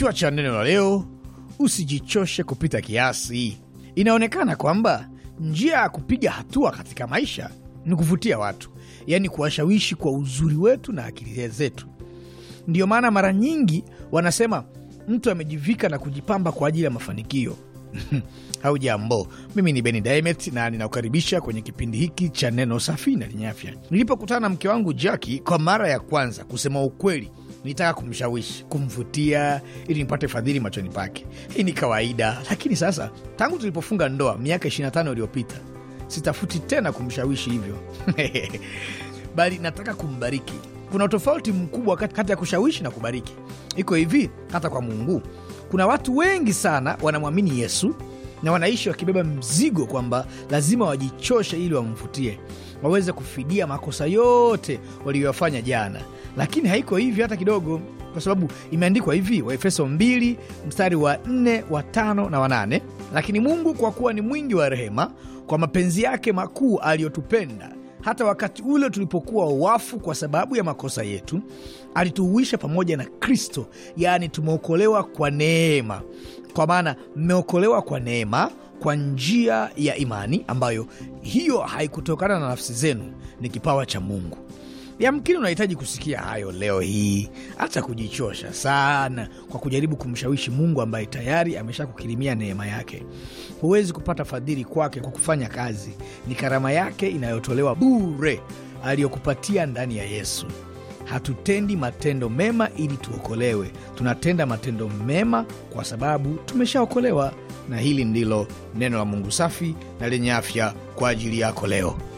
Kichwa cha neno la leo, usijichoshe kupita kiasi. Inaonekana kwamba njia ya kupiga hatua katika maisha ni kuvutia watu, yaani kuwashawishi kwa uzuri wetu na akili zetu. Ndiyo maana mara nyingi wanasema mtu amejivika na kujipamba kwa ajili ya mafanikio. jambo mimi ni Beni Dimet na ninakukaribisha kwenye kipindi hiki cha neno safi na lenye afya. Nilipokutana na mke wangu jaki kwa mara ya kwanza, kusema ukweli, nitaka kumshawishi, kumvutia ili nipate fadhili machoni pake. Hii ni kawaida, lakini sasa tangu tulipofunga ndoa miaka 25 iliyopita, sitafuti tena kumshawishi hivyo bali nataka kumbariki. Kuna tofauti mkubwa kati ya kushawishi na kubariki. Iko hivi, hata kwa Mungu kuna watu wengi sana wanamwamini Yesu na wanaishi wakibeba mzigo kwamba lazima wajichoshe ili wamvutie, waweze kufidia makosa yote waliyoyafanya jana lakini haiko hivyo hata kidogo, kwa sababu imeandikwa hivi, Waefeso 2 mstari wa 4 wa 5 na wa 8: lakini Mungu kwa kuwa ni mwingi wa rehema, kwa mapenzi yake makuu aliyotupenda hata wakati ule tulipokuwa wafu kwa sababu ya makosa yetu, alituhuisha pamoja na Kristo. Yaani tumeokolewa kwa neema, kwa maana mmeokolewa kwa neema kwa njia ya imani, ambayo hiyo haikutokana na nafsi zenu, ni kipawa cha Mungu. Yamkini unahitaji kusikia hayo leo hii, hata kujichosha sana kwa kujaribu kumshawishi Mungu ambaye tayari ameshakukirimia neema yake. Huwezi kupata fadhili kwake kwa kufanya kazi, ni karama yake inayotolewa bure aliyokupatia ndani ya Yesu. Hatutendi matendo mema ili tuokolewe, tunatenda matendo mema kwa sababu tumeshaokolewa. Na hili ndilo neno la Mungu safi na lenye afya kwa ajili yako leo.